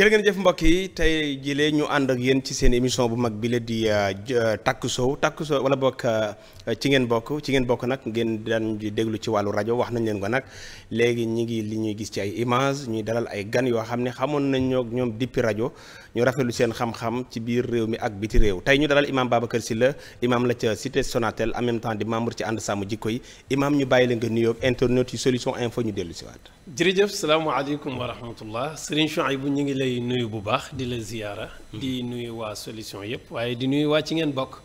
jërë ngeen jëf mbokk yi tey jilee ñu ànd ak yéen ci seen émission bu mag bi la di euh, euh, takku sow takku sow wala bokk euh, ci ngeen bokk ci ngeen bokk nag ngeen daan di déglu ci wàllu rajo wax nañ leen ko nag léegi ñi ngi li ñuy gis ci ay image ñuy dalal ay gan yoo xam ne xamoon nañ ñoo ñoom dippi rajo ñu rafetlu seen xam-xam ci biir réew mi ak biti réew tey ñu dalal imaam Babacar Sylla imaam la ca cité Sonatel en même temps di membre ci ànd sàmm jikko yi imaam ñu bàyyi la nga nuyoog internet yu solution info ñu dellu si waat jërëjëf salaamaaleykum wa rahmatullah yi bu ñu ngi lay nuyu bu baax di la ziyaara di nuyu waa solution yëpp waaye di nuyu waa ci ngeen bokk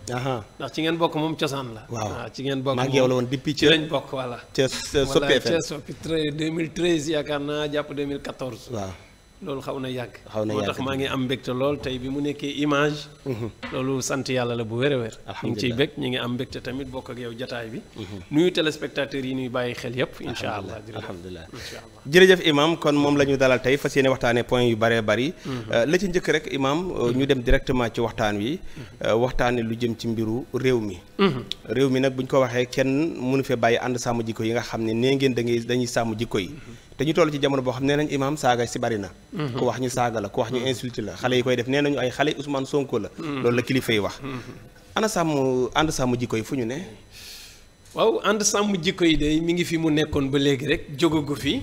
ndax ci ngeen bokk moom cosaan la waaw ah, ci ngeen bokk maa la woon depuis fay 2013 yaakaar naa jàpp 2014. waaw loolu xaw na yàgg. xaw na yàgg moo tax maa ngi am mbégte lool tey bi mu nekkee image. Mhm. loolu sant yàlla la bu wér a wér. ñu ngi ñu ngi am mbégte tamit bokk ak yow jataay bi. Mhm. nuyu téléspectateurs yi ñuy bàyyi xel yëpp. incha allah alhamdulilah jërëjëf imam kon moom la ñu dalal tey fas yéene waxtaanee point yu bëree bëri. Mhm. Euh, la ci njëkk rek imam euh, ñu dem directement ci waxtaan wi. Euh, waxtaanee lu jëm ci mbiru réew mi. réew mi nag bu ñu ko waxee kenn mënu fee bàyyi ànd sàmm jikko yi nga xam ne nee ngeen da ngay dañuy sàmm te ñu toll ci jamono boo xam nee nañ imaam saaga si bari na mhm. ku wax ñu saaga la ku wax ñu mhm. insulte la xale yi koy def nee nañu ay xale Ousmane Sonko la mhm. loolu la kilifa yi wax ana sàmm ànd sàmm jikko yi fu ñu ne waaw ànd sàmm jikko yi de mi ngi fi mu nekkoon ba léegi rek jógagu fi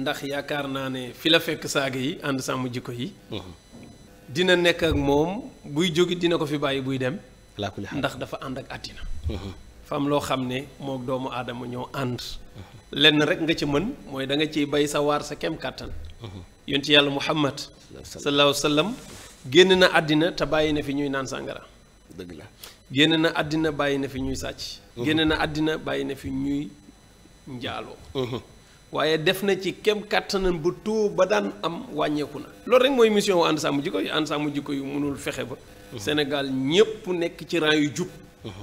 ndax yaakaar naa ne fi la fekk saaga yi ànd sàmm jikko yi dina nekk ak moom buy jógi dina ko fi bàyyi buy dem ndax dafa ànd ak àddina fa loo xam ne mook doomu aadama ñoo ànd lenn rek nga ci mën mooy da nga ciy bay sa waar sa kem kàttan ci yàlla muhammad sa alayhi wa sallam génn na àddina te bàyyi na fi ñuy naan sàngara dëgg la génn na àddina bàyyi na fi ñuy sàcc génn na àddina bàyyi na fi ñuy njaaloo waaye def na ci kem kàttanam bu tuub ba daan am wàññeeku na loolu rek mooy mission wu ànd sàmm ko yi ànd sàmm jikko yu mënul fexe ba Sénégal ñépp nekk ci ran yu jub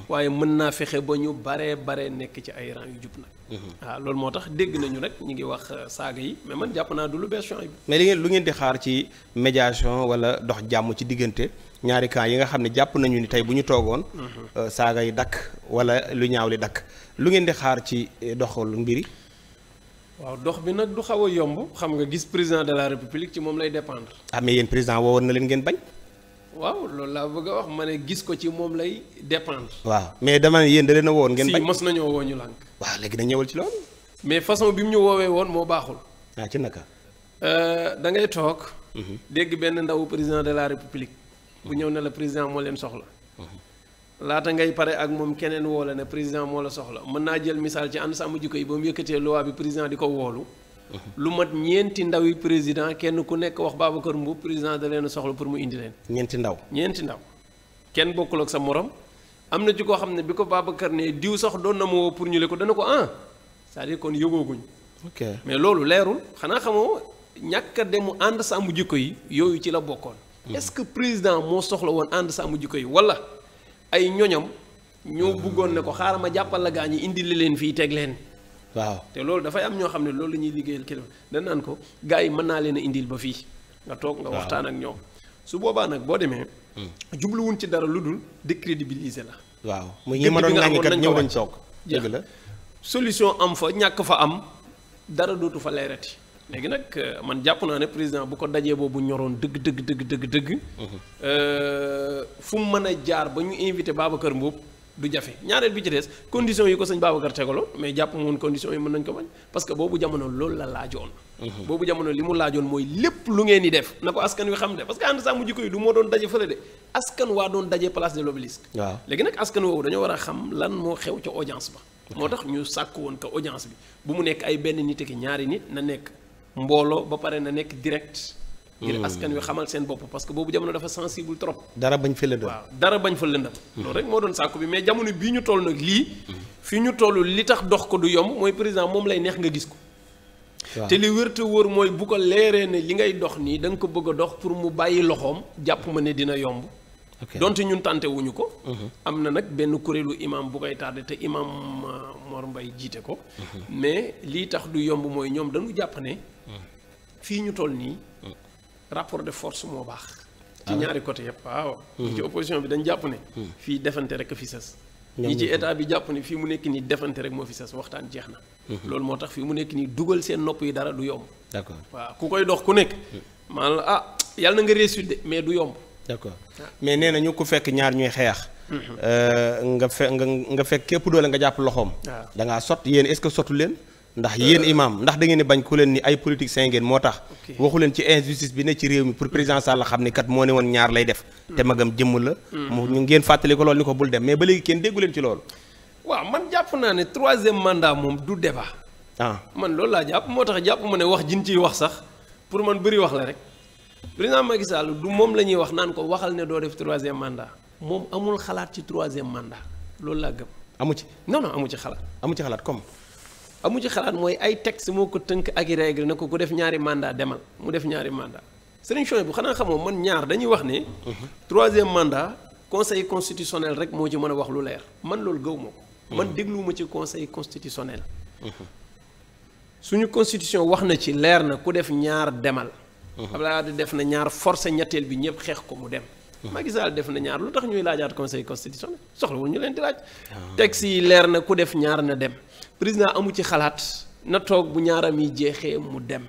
waaye mën naa fexe ba ñu baree bare nekk ci ay rang yu jub nag. Mhm. waaw loolu moo tax dégg nañu rek ñu ngi wax euh, saaga yi mais man jàpp naa du lu bees mais li ngeen lu ngeen di xaar ci médiation wala dox jàmm ci diggante ñaari camp yi nga xam ne jàpp nañu ni tey bu ñu toogoon. Mhm. Euh, saaga yi dakk wala lu ñaaw li dakk lu ngeen di xaar ci euh, doxal mbir yi. waaw dox bi nag du xaw a yomb xam nga gis président de la république ci moom lay dépendre. ah mais yéen président woowoon na leen ngeen waaw loolu laa bëgg a wax ma ne gis ko ci moom lay dépendre. waaw mais dama ne yéen da leen a woon ngeen. bañ si mos nañoo woo ñu lànk. waaw léegi na ñëwal ci loolu. mais façon bi mu ñu woowee woon moo baaxul. ah ci naka. Euh, da ngay toog. Mhm. dégg benn ndawu président de la république. bu ñëw ne la président moo leen soxla. Mhm. laata ngay pare ak moom keneen woo la ne président moo la soxla mën naa jël misaal ci ànd sàmm jikko yi ba mu yëkkatee loi bi président di ko woolu. lu mat ñeenti ndaw yi président kenn ku nekk wax Babacar Mbow président da leen soxla pour mu indi leen. ñeenti ndaw ñeenti ndaw. kenn bokkul ak sa morom am na ci koo xam ne bi ko Babacar ne diw sax doon na ma woo pour ñu le ko dana ko ah c'est-à-dire kon yëgooguñ. ok mais loolu leerul xanaa xamoo ñàkk a dem mu ànd sàmm jikko yi yooyu ci la bokkoon. Hmm. est-ce que président moo soxla woon ànd sàmm jikko yi wala ay ñoñam ñoo bëggoon ne ko xaaral ma jàppal ñi indi leen fii teg leen. waaw te loolu dafay am ñoo xam ne loolu la ñuy liggéeyal kilifa dañ naan ko gars yi mën naa leen indil ba fii nga toog nga waxtaan ak ñoom su boobaa nag boo demee hmm. jubluwun ci dara lu dul décrédibiliser la waaw muy ñi ma doon nañ kat ñëw nañ soog dëgg la solution am fa ñàkk fa am dara dootu fa leerati léegi nag euh, man jàpp naa ne président bu ko dajee boobu ñoroon dëgg dëgg dëgg dëgg dëgg hmm. euh, fu mu mën a jaar ba ñu invité kër Mboup du jafe ñaareel bi ci des condition yi ko sëñ Babacar tegaloon mais jàpp moon conditions yi mën nañ ko bañ parce que boobu jamono loolu la laajoon mhm. boobu jamono li mu laajoon mooy lépp lu ngeen di def na ko askan wi xam de parce que ànd saa mu jikko yi du moo doon daje fële de askan waa doon daje place de l'obélisque waaw léegi nag askan woowu dañoo war a xam lan moo xew ca audience ba moo tax ñu sàkk woon ko audience bi bu mu nekk ay benn nit ak ñaari nit na nekk mbooloo ba pare na nekk direct ngir hmm. askan wi xamal seen bopp parce que boobu jamono dafa sensible trop. dara bañ fa lëndëm waaw dara bañ fa lëndëm. Hmm. loolu rek moo doon sàkku bi mais jamono bii ñu toll nag lii. Hmm. fii ñu toll li tax dox ko du yomb mooy président moom lay neex nga gis ko. te li wér te wóor mooy bu ko leeree ne li ngay dox nii da nga ko bëgg a dox pour mu bàyyi loxoom jàpp ma ne dina yomb. donte ñun tànte wuñu ko. am na nag benn kuréelu imam bu koy tardé te imam euh, Mor Mbaye jiite ko. mais lii tax du yomb mooy ñoom dañu jàpp ne. ñu toll nii. rapport de force moo baax. Ah ci ñaari côté yëpp waaw. Hmm. ci opposition bi dañ jàpp ne. Hmm. fii defante rek fi sës. ñi ci état bi jàpp ne fii mu nekk nii defante rek moo fi sës waxtaan jeex na. Hmm. loolu moo tax fii mu nekk nii dugal seen nopp yi dara du yomb. d'accord waaw ku koy dox ku nekk. maanaam la ah yàlla na nga réussir de mais du yomb. d'accord ah. mais nee na ñu ko fekk ñaar ñuy xeex. Euh, nga fe nga fekk képp doole nga jàpp loxoom. Ah. da ngaa sot yéen est sotu leen. ndax yéen euh, imam ndax da ngeen di bañ ku leen ni ay politiciens ngeen moo tax waxu leen ci injustice bi ne ci réew mi pour président Sall xam ni kat moo ne woon ñaar lay def hmm. te magam jëmm la hmm. mu ñu ngeen ko loolu ni ko bul dem mais ba léegi kenn déggu leen ci man jàpp naa ne troisième mandat moom du débat ah man loolu laa jàpp moo tax jàpp ma ne wax jin ciy wax sax pour man bëri wax la rek président Macky Sall du moom la ñuy wax naan ko waxal ne doo def troisième mandat moom amul xalaat ci troisième mandat loolu laa gëm amu ci non non amu ci xalaat amu ci xalaat comme amu ci xalaat mooy ay texte moo ko tënk ak i règle na ko ku def ñaari mandat demal mu def ñaari mandat sëriñ Choy bu xanaa xamoo man ñaar dañuy wax ne. troisième mandat conseil constitutionnel rek moo ci mën a wax lu leer man loolu gëw ma ko. man dégluwuma ci conseil constitutionnel. suñu constitution wax na ci leer na ku def ñaar demal. Abdoulaye Wade def na ñaar forcé ñetteel bi ñëpp xeex ko mu dem. Macky Sall def na ñaar lu tax ñuy laajaat conseil constitutionnel soxlawul ñu leen di laaj. Ah. texte yi leer na ku def ñaar na dem. président amu ci xalaat na toog bu ñaaram yi jeexee mu dem.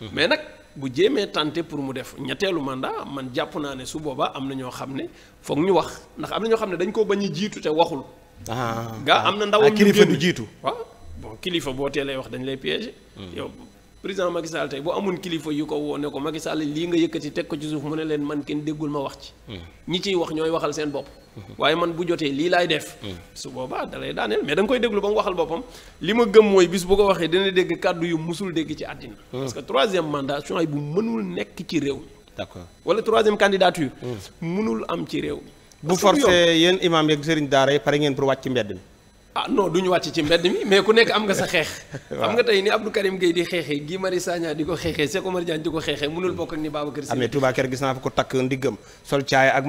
Mhm. mais nag bu jéemee tenté pour mu def ñetteelu mandat man jàpp naa ne su boobaa am na ñoo xam ne foog ñu wax ndax am na ñoo xam ne dañ ko bañ a jiitu te waxul. Ah, gaa ah. am na ndaw ah, ñu kilifa du jiitu. waaw bon kilifa boo teelee wax dañ lay piéger. Mhm. yow président Macky Sall tey bu amoon kilifa yu ko woo ne ko Macky Sall lii nga yëkkati teg ko ci suuf mu ne leen man kenn déggul ma wax ci. Mhm. ñi ciy wax ñooy waxal seen bopp. waaye man bu jotee lii laay def. Mm. su boobaa da lay daaneel mais da nga koy déglu ba mu waxal boppam li ma gëm mooy bis bu ko waxee dana dégg kàddu yu musul dégg ci àddina. Mm. parce que troisième mandat yi bu mënul nekk ci réew mi. d'accord wala troisième candidature. Mm. mënul am ci réew mi. bu forcé yéen imaam yeeg sëriñ daara yi pare ngeen pour wàcc mbedd mi. ah no du ñu wàcc ci mbedd mi mais ku nekk am nga sa xeex. xam nga tey ni Abdou Karim Gueye di xeexee Guy Marius Sagna di ko xeexee Cheikh ko xeexee mënul bokk ak ni Babacar Sy. amee ah, Touba Kër gis naa fa ko takk ndiggam sol caay ak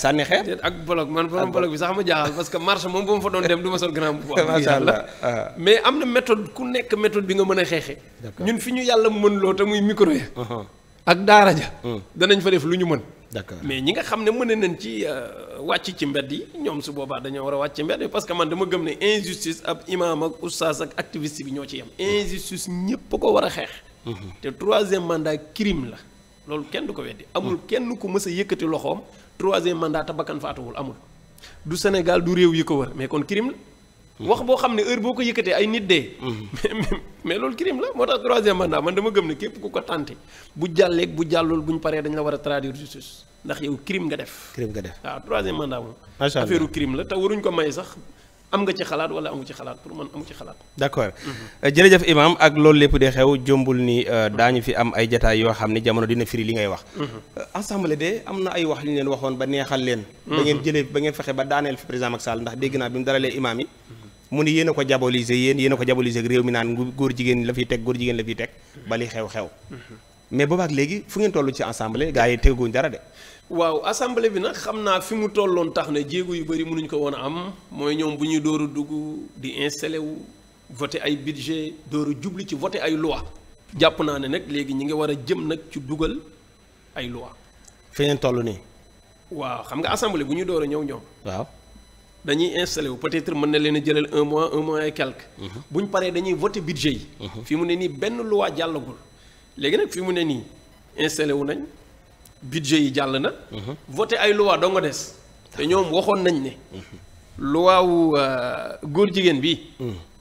sànni xeer. ak bolok man ah, sax ma jaaxal parce que marche moom bu ma fa doon ma sol ah. mais am na méthode ku nekk méthode bi nga mën a xeexee. ñun fi ñu yàlla mën loo te muy micro ya. Uh-huh. ak daara ja. Hmm. danañ fa def lu ñu mën d'accord mais ñi nga xam ne mën nañ ci euh, wàcc ci mbedd yi ñoom su boobaa dañoo war a wàcc ci mbedd yi parce que man dama gëm ne injustice ab imam ak oustaz ak activiste bi ñoo ci yem. injustice ñëpp ko war a xeex. Mhm. te troisième mandat crime la loolu kenn du ko weddi. amul mhm. kenn ku mës a yëkkati loxoom troisième mandat te bakkan faatuwul amul. du Sénégal du réew yi ko wër mais kon crime la. wax boo xam ne heure boo ko yëkkatee ay nit dee. Mm-hmm. mais loolu crime la moo tax troisième mandat man dama gëm ne képp ku ko tenté bu jàlleeg bu jàllul bu ñu paree dañ la war a traduire justice ndax yow crime nga def. crime nga def waaw ah, troisième moom. macha allah la te waruñ ko may sax. am nga ci xalaat wala amu ci xalaat pour man amu ci xalaat. d'accord mm-hmm. euh, jërëjëf Imaam ak loolu lépp de xew jombul ni euh, ñu fi am ay jataay yoo xam ne jamono dina firi li ngay wax. Mm-hmm. Euh, assemblée na ay wax li ñu leen ba neexal leen. ba ngeen jëlee ba ngeen fexe ba daaneel ndax dégg naa bi mu mu ni yéen ko diaboliser yéen yéen ko diaboliser réew mi naan góor jigéen la fiy teg góor jigéen la fiy teg bali xew-xew mm-hmm. mais boobaak léegi fu ngeen toll ci assemblée gars yi teguñ dara de waaw assemblée bi nag xam naa fi mu tolloon tax na jéego yu bëri mënuñ ko woon a am mooy ñoom bu ñuy dooru dugg di installé wu voté ay budget dooru jubli ci voté ay loi jàpp naa ne nag léegi ñi ngi war a jëm nag ci dugal ay loi fi ngeen toll nii waaw xam nga assemblée bu ñu door a ñëw ñoom dañuy installé wu peut-être mën na leen a jëlal un mois un mois et quelque. Mhm. bu ñu paree dañuy voté budget yi. Mhm. fi mu ne nii benn luwaa jàllagul. léegi nag fi mu ne nii installé wu nañ budget yi jàll na. Mhm. voté ay loi doo nga des. te ñoom waxoon nañ ne. loi wu euh, góor jigéen bi.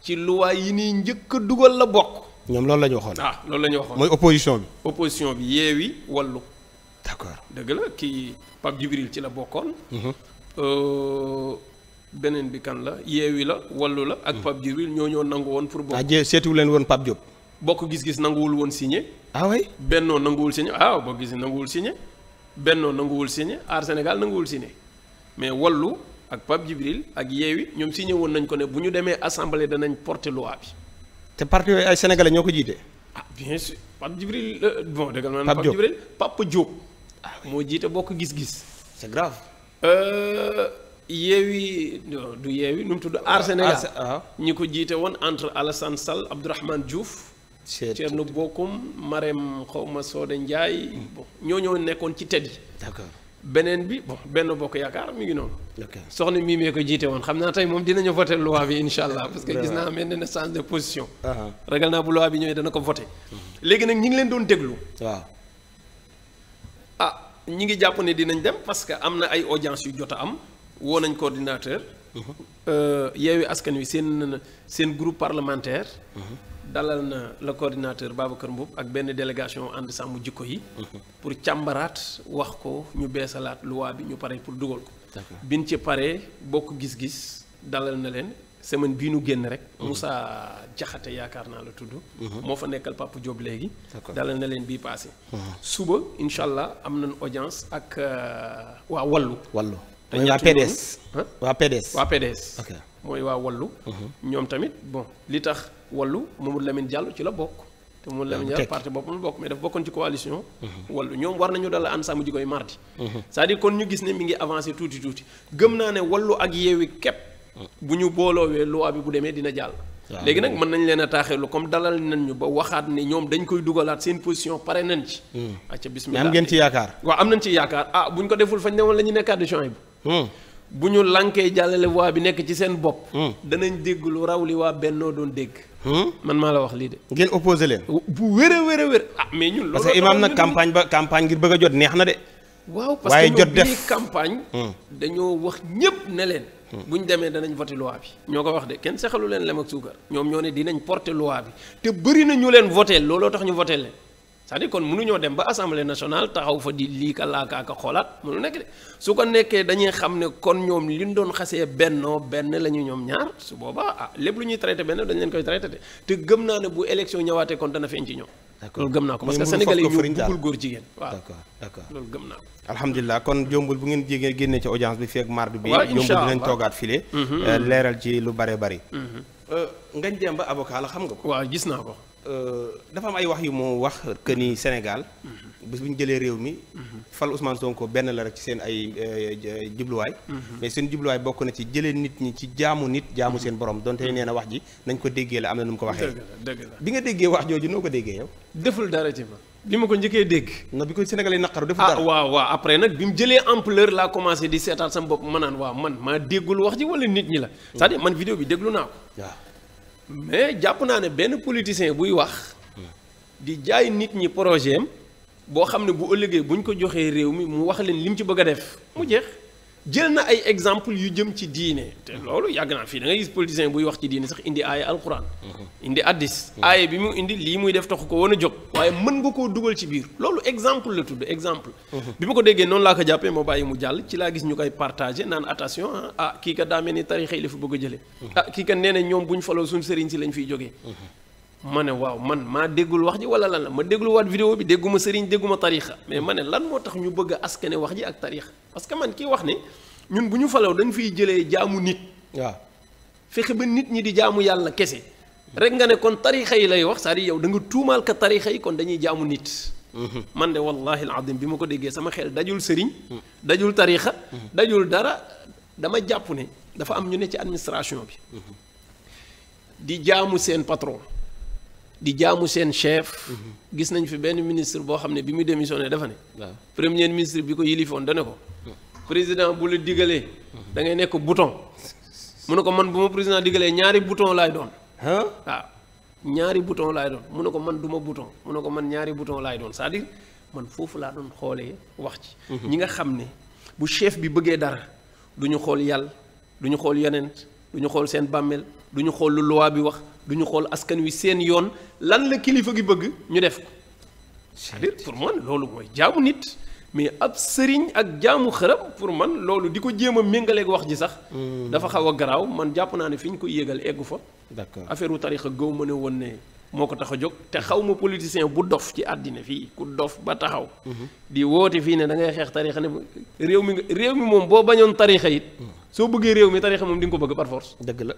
ci loi yi nii njëkk a dugal la bokk. ñoom loolu la ñu waxoon. ah loolu la ñu waxoon mooy opposition bi. opposition bi yeewi wallu. d'accord dëgg la kii Pape Djibril ci la bokkoon. Euh, beneen bi kan la yeewi la wallu la ak Pape Djibril ñoo ñoo nangu woon pour bokk ah seetu leen woon Pape Diop bokk gis-gis nanguwul woon signé ah bennoo nanguwul signé ah bokk gis nanguwul signé bennoo nanguwul signé aar Sénégal nanguwul signé mais wallu ak Pape Djibril ak yeewi ñoom signé woon nañ ko ne bu ñu demee assemblée danañ porter loi bi te parti yooyu ay sénégalais ñoo ko jiite ah bien sûr Pape Djibril euh, bon dëggal ma Pape Djibril ah, moo jiite bokk gis-gis c'est grave euh, yeewi du yi nu mu tudd aar Sénégal ah. ñi ko jiite woon entre Alassane Sall Abdourahmane Diouf Thierno Bocoum Marème xawma Soda Ndiaye mm. bon ñoo ñoo nekkoon ci ted yi d'accord beneen bi bon benn bokk yaakaar mi ngi noonu soxna mii ko jiite woon xam naa tey moom dinañu voté loi bi insha allah parce que gis naa mel ne change de position ah. dana ko voté léegi nag ñi ngi leen doon déglu waaw ah ñi ngi jàpp ne dinañ dem parce que am na ay audience yu jot a am woo nañ coordinateur. Euh, yeewi askan wi seen seen groupe parlementaire. dalal na le coordinateur kër Mboup ak benn délégation ànd sàmm jikko yi. pour càmbaraat wax ko ñu beesalaat loi bi ñu pare pour dugal ko. bin ci paree bokk gis-gis dalal na leen semaine bii nu génn rek. Mhm. Moussa Jaxate yaakaar naa la tudd. Mhm. moo fa nekkal Papa Diop léegi. dalal na leen bii paase. Mhm. suba incha allah am nañ audience ak euh, waa Wallu Wallu. te waa PDS waa PDS waa PDS mooy waa wallu mhm. ñoom tamit bon li tax wallu Mamadou Lamine Diallo ci la bokk te Mamadou Lamine Diallo parti boppam la bokk mais dafa bokkoon ci coalition mhm. wallu ñoom war nañu dala ànd sàmm jikko yi mardi mhm. cest à kon ñu gis ne mi ngi avancé tuuti tuuti gëm naa ne wallu ak yeewi képp bu ñu booloowee loi bi bu demee dina jàll léegi nag mën nañ leen a taaxeelu comme dalal nañ ñu ba waxaat ne ñoom dañ koy dugalaat seen position pare nañ ci acca ngeen ci yaakaar waaw am nañ ci yaakaar ah buñ ko deful fañ ne woon la ñu nekkaat di Hmm. bu ñu lànkee jàllale waa bi nekk ci seen bopp. Hmm. danañ dégg lu raw li waa bennoo doon dégg. Hmm. man maa la wax lii de. ngeen opposé leen. bu wéree wéree wéree a ah, mais ñun. loolu parce que imaam nag campagne ba campagne ngir bëgg a jot neex na de. waaw parce que ñoom bii campagne. dañoo wax ñëpp ne leen. bu ñu demee danañ voté loi bi. ñoo ko wax de kenn sexalu leen lem ak suukar. ñoom ñoo ne dinañ porté loi bi te bëri na ñu leen voté looloo tax ñu voté leen. c'est-à-dire kon mënuñoo dem ba assemblée nationale taxaw fa di lii ka laakaaka xoolaat mënu nekk de su ko nekkee dañuy xam ne kon ñoom li ñu doon xasee bennoo benn la ñu ñoom ñaar su boobaa ah lépp lu ñuy traité benn dañ leen koy traité te gëm naa ne bu élection ñëwaatee kon dana feeñ ci ñoom. d'accord loolu gëm naa ko parce que yi ñoo bëggul góor jigéen waaw loolu gëm naa ko alhamdulilah kon jombul bu ngeen jégee génnee ci audience bi feeg mardi bi mhm. euh, mhm. euh, ba avocat la xam nga ko waaw gis Euh, dafa am ay wax yu mu wax que ni Sénégal. bis bu ñu jëlee réew mi. fal Ousmane Sonko benn la rek ci seen ay euh, jubluwaay. Mhm. mais seen jubluwaay bokk na ci jëlee nit ñi ci jaamu nit jaamu seen borom donte mhm. nee na wax ji nañ ko déggee la am na nu mu ko waxee. bi nga déggee wax jooju noo ko déggee yow. deful dara ci ma. li ma ko njëkkee dégg. non bi ko Sénégalais naqaru deful ah, dara. ah waaw waaw après bi mu jëlee ampleur laa commencé di seetaan sama bopp ma naan waaw man maa déggul wax ji wala nit ñi la. Mhm. c'est-à-dire man vidéo bi déglu naa mais jàpp naa ne benn politicien buy wax di jaay nit ñi projet am boo xam ne bu ëllëgee buñ ko joxee réew mi mu wax leen li mu ci bëgg a def mu jeex. jël na ay exemple yu jëm ci diine te loolu yàgg naa fii da gis politicien buy wax ci diine sax indi aaya alquran indi addis aaya bi mu indi lii muy def taxu ko woon a jóg waaye mën nga koo dugal ci biir loolu exemple la tudd exemple bi ma ko déggee noonu laa ko jàppee ma bàyyi mu jàll ci laa gis ñu koy partagé naan attention ah, ah kii ka daa ni tarixa yi la fi bëgg a jëlee ah kii ka nee na ñoom buñ ñu faloo suñ sëriñ si lañu fiy jógee ma ne waaw man maa déggul wax ji wala lan la ma déglu waat vidéo bi dégguma sëriñ dégguma tarixa mais ma ne lan moo tax ñu bëgg a askane wax ji ak tarixa parce que man kii wax ne ñun bu ñu falaw dañu fiy jëlee jaamu nit waaw fexe ba nit ñi di jaamu yàlla kese rek nga ne kon tarixa yi lay wax cest yow da nga tuumaal ka tarixa kon dañuy jaamu nit mhm. man de wallahi alazim bi ma ko déggee sama xel dajul sëriñ mhm. dajul tarixa mhm. dajul dara dama jàpp ne dafa am ñu ne ci administration bi di jaamu seen patron di jaamu seen chef. gis nañu fi benn ministre boo xam ne bi mu démissionné dafa ne. premier ministre bi ko yilifoon dana ko. président bu la digalee. da ngay nekk bouton. mu ne ko man bu ma président digalee ñaari bouton lay doon. waaw ñaari bouton laay doon mu ne ko man du ma bouton mu ne ko man ñaari bouton laay doon cest à man foofu laa doon xoolee wax ci. Mhm. ñi nga xam ne bu chef bi bëggee dara du ñu xool yàll duñu xool yeneen du ñu xool seen bàmmeel du ñu xool lu bi wax. duñu xool askan wi seen yoon lan la kilifa gi bëgg ñu def ko cest pour man loolu mooy jaamu nit mais ab sëriñ ak jaamu xërëm pour man loolu di ko jéem a méngaleeg wax ji sax. Hmm. dafa xaw a garaaw man jàpp naa ne fi ñu ko yéegal eggu fa. d'accord affaire u tarixa gaw ma ne woon ne moo ko tax a jóg te xaw ma politicien bu dof ci àddina fii ku dof ba taxaw. Hmm. di woote fii ne da ngay xeex tarixa ne réew mi nga réew mi moom boo bañoon tarixa yit hmm. soo bëggee réew mi tarixa moom di ko bëgg par dëgg la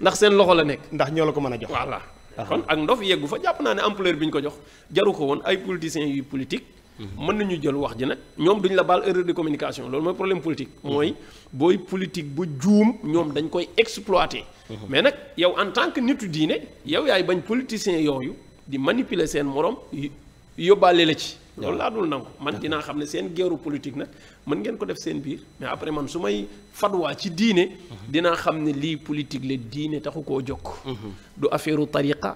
ndax seen loxo la nekk. ndax ñoo la ko mën a jox voilà. Ah. kon ak ndof yeggu fa jàpp naa ne empleur bi ñu ko jox jaru ko woon ay politiciens yuy politique. Mhm. mën nañu jël wax ji nag ñoom duñ la baal erreur de communication loolu mooy problème politique. Mhm. mooy booy politique bu juum ñoom dañ koy exploité. Mhm. mais nag yow en tant que nitu diine yow yaay bañ politiciens yooyu di manipuler seen morom yóbbaale la ci. loolu laa dul nangu man dinaa xam ne seen geeru politique nag mën ngeen ko def seen biir mais après man su may fatwaa ci diine mhm. dinaa xam ne lii politique la diine taxu koo jokk mhm. du affaire tariqa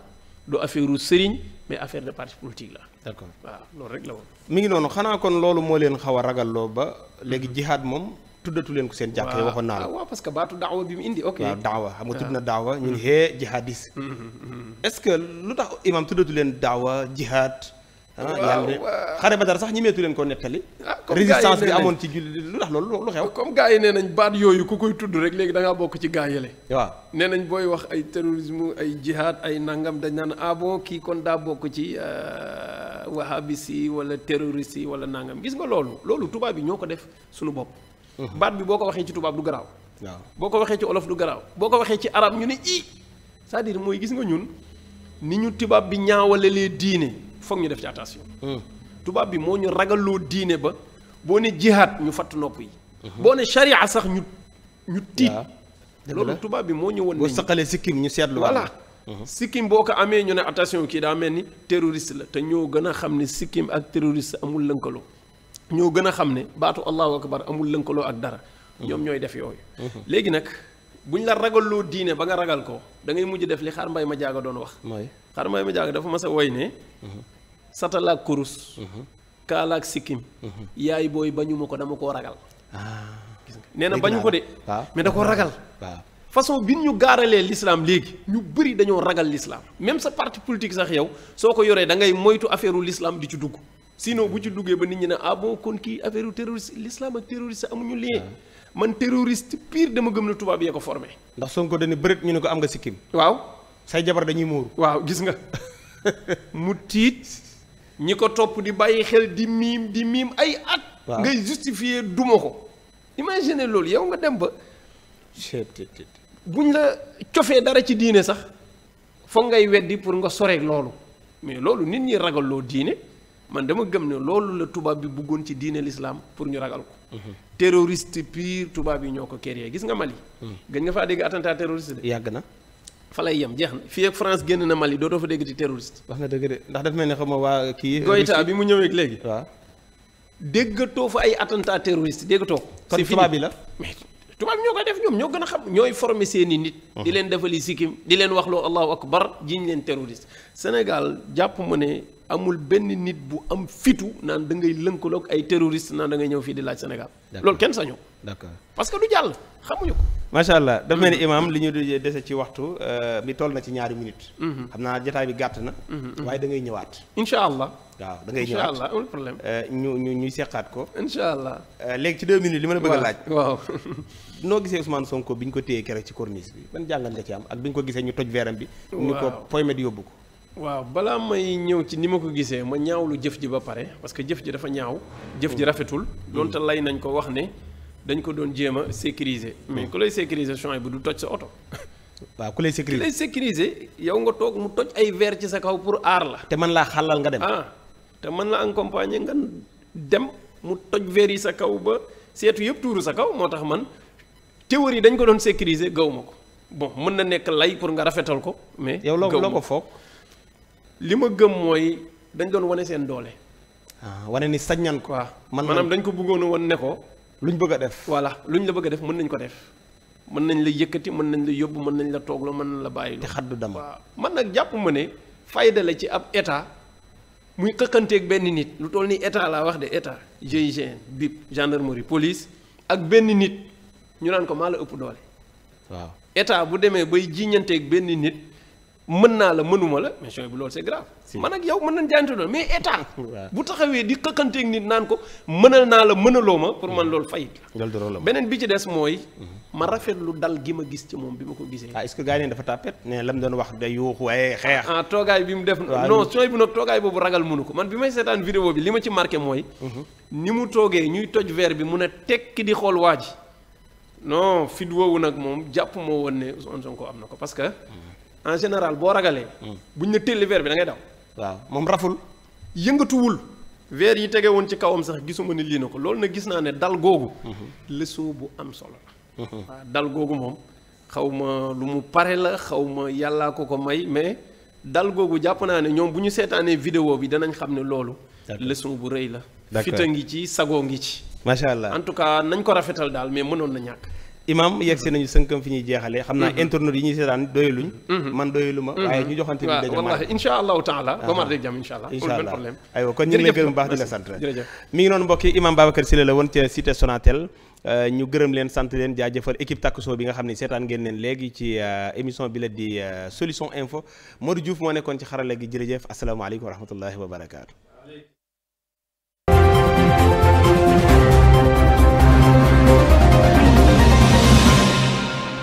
du affaire sëriñ mais affaire de parti politique la. d'accord waaw loolu rek la woon. mi ngi noonu xanaa kon loolu moo leen xaw a ragalloo ba mhm. léegi jihaad moom tuddatu leen ko seen. jàkkee waxoon naa la ah, waaw parce que baatu daawa bi mu indi. ok waaw daawa ah. ñu ne hee jihadis. est-ce que lu tax imaam tuddatu leen daawa jihaad. ah xare Badar sax ñemeetu leen ko nettali. Ah, résistance bi amoon ci julli lu tax loolu lu xew. comme gars yi nee nañ baat yooyu ku koy tudd rek léegi da ngaa bokk ci gaa yële. waaw nee nañ booy wax ay terrorisme ay jihad ay nangam dañ naan ah bon kii kon daa bokk ci euh, wahabis yi wala terroriste yi wala nangam gis nga loolu loolu tubaab yi ñoo ko def suñu bopp. Mhm. baat bi boo ko waxee ci tubaab du garaaw. waaw boo ko waxee ci olof du garaaw. boo ko waxee ci arab ñu ne i cest mooy gis nga ñun ni ñu tubaab bi ñaawale lee diine. foog ñu def ci attention. Hmm. tubaab bi moo ñu ragaloo diine ba boo ne jihaat ñu fatt nopp yi. boo ne charia sax ñu ñu tiit. loolu tubaab bi moo ñu woon. boo saqalee sikkim ñu seetlu. voilà hmm. sikkim boo ko amee ñu ne attention kii daa mel ni terroriste la te ñoo gën a xam ne sikkim ak terroriste amul lënkaloo. ñoo gën a xam ne baatu allahu akbar amul lënkaloo ak dara. Hmm. ñoom ñooy def yooyu. léegi nag buñ la ragalloo diine ba nga ragal ko da ngay mujj def li xaar mbay ma jaaga doon wax. xaar mbay ma jaaga dafa mas a woy ne. satalaak kurus mhm. kaalaak sikkim mhm. yaay booy bañu ma ko dama koo ragal ah. nee na bañu ko de mais na koo ragal façon bi ñu gaaralee l'islam léegi ñu bëri dañoo ragal l'islam même sa parti politique sax yow soo ko yoree da ngay moytu affaire u l'islam di ci dugg sinon bu ci duggee ba nit ñi ne ah bon kon kii affaire u terroriste l'islam ak terroriste amuñu lii ah. man terroriste pire dama gëm na tubaab yee ko formé ndax Sonko dañu bërit ñu ne ko am nga sikkim waaw say jabar dañuy muuru waaw gis nga ñi ko topp di bàyyi xel di miim di miim ay at. ngay justifier duma ko. imagine loolu yow nga dem ba. buñ la cofee dara ci diine sax foog ngay weddi pour nga soreeg loolu mais loolu nit ñi ragal loo diine man dama gëm ne loolu la tubaab bi buggoon ci diine l'islam pour ñu ragal ko. Mhm. terroriste pire tubaab yi ñoo ko créé gis nga Mali. Mhm. gën nga faa dégg attentat terroriste de. yàgg na. fa lay yem jeex na fii ak France génn na Mali dootoo fa dégg ci terroriste. wax nga dëgg de ndax daf mel ne xam nga waa kii. Goïta bi mu ñëwee léegi. waaw déggatoo fa ay attentat terroriste déggatoo ko. c'est fini bi la. tubaab ñoo koy def ñoom ñoo gën a xam ñooy former seeni nit. di leen defali sikkim di leen wax loo allahu akbar jiñ leen terroriste. Sénégal jàpp ma ne amul benn nit bu am fitu naan da ngay lënkaloog ay terroriste naan da ngay ñëw fii di laaj Sénégal. loolu kenn sañoo. d'accord parce que du jàll xamuñu ko. macha allah dafa mel ni mm-hmm. imaam li ñu dese ci waxtu bi euh, toll na ci ñaari minutes. Mm-hmm. xam naa jotaay bi gàtt na. Mm-hmm. waaye da ngay ñëwaat. incha allah waaw da ngay ñëwaat incha euh, ñu ñu ñu seqaat ko. incha allah euh, léegi ci deux minutes li ma a bëgg a laaj. noo gisee Ousmane Sonko bi ñu ko téye keroog ci corniche bi ban jàngat nga ci am ak bi ñu ko gisee ñu toj veeram bi. ni ko poymet yóbbu ko. waaw balaa may ñëw ci ni ma ko gisee ma ñaawlu jëf ji ba pare parce que jëf ji dafa ñaaw. jëf ji rafetul. donte lay nañ ko wax ne dañ ko doon jéem a sécuriser mais ku lay sécuriser champs bu du toj sa oto. waaw ku lay sécuriser ku lay sécuriser yow nga toog mu toj ay verre ci sa kaw pour aar la. te man laa xàllal nga dem. ah te mën la accompagner nga dem mu toj verre yi sa kaw ba seetu yëpp tuuru sa kaw moo tax man yi dañ ko doon sécuriser gaw ma ko bon mën na nekk lay pour nga rafetal ko. mais yow loo ko foog. li ma gëm mooy dañ doon wane seen doole. ah wane ni saññan quoi. man maanaam dañ ko bëggoon a wan ne ko. luñ bëgg a def. lu ñu la bëgg def mën nañ ko def mën nañ la yëkkati mën nañ la yóbbu mën nañ la toog la mën nañ la bàyyi. te xaddu dama waaw man nag jàpp ma ne fayda la ci ab état muy xëqanteeg benn nit lu toll ni état laa wax de état GIGN BIP gendarmerie police ak benn nit ñu naan ko maa la ëpp doole. waaw état bu demee bay jiiñanteeg benn nit. mën naa la mënuma la mais chooy bu loolu c'est grave man ak yow mën nañ jaante loolu mais état bu taxawee di këkkanteeg nit naan ko mënal naa la mënaloo ma pour man mm. loolu fayit la beneen bi ci des mooy mm-hmm. ma rafet lu dal gi ma gis ci moom bi ma ko gisee ah, est-ce que gars yi dafa wax day yuuxu ah, bi mu def non chooy bu boobu ragal mënu ko man bi may seetaan vidéo bi li ma ci marqué mooy mm-hmm. ni mu toogee ñuy toj verre bi mun a tekki di xool waa ji non fit woowu nag moom jàpp moo woon ne Ousmane Sonko am na ko parce que mm-hmm. en général boo ragalee. bu hmm. buñ ne télli verre bi da ngay daw. waaw moom raful. yëngatuwul. verre yi tege woon ci kawam sax gisuma ni lii na ko loolu na gis naa ne dal googu. Hmm. lësu bu am solo la. Hmm. dal googu moom xaw ma lu mu pare la xaw ma yàllaa ko ko may mais dal googu jàpp naa ne ñoom bu ñu seetaanee vidéo bi danañ xam ne loolu. leçon bu rëy la. fita ngi ci sago ngi ci. macha allah en tout cas nañ ko rafetal daal mais mënoon na ñàkk. imam yegg si nañu sënkam fi ñuy jeexalee xam na mm-hmm. internet yi ñuy seetaan doyaluñ mm-hmm. man doyalu ma mm-hmm. waaye ñu joxante bi daje wallahi insha allahu taala ba ah. mar dég jàmm insha allah aywa kon ñu ngi gërëm baax di la sant mi ngi noonu mbokki imam Babacar euh, gërëm leen sant leen jaajëfal équipe Takusoo bi nga xam ne seetaan ngeen leen léegi ci euh, émission bi la di euh, solution info Modou Diouf moo nekkoon ci xarala gi jërëjëf asalaamaaleykum wa rahmatullahi wa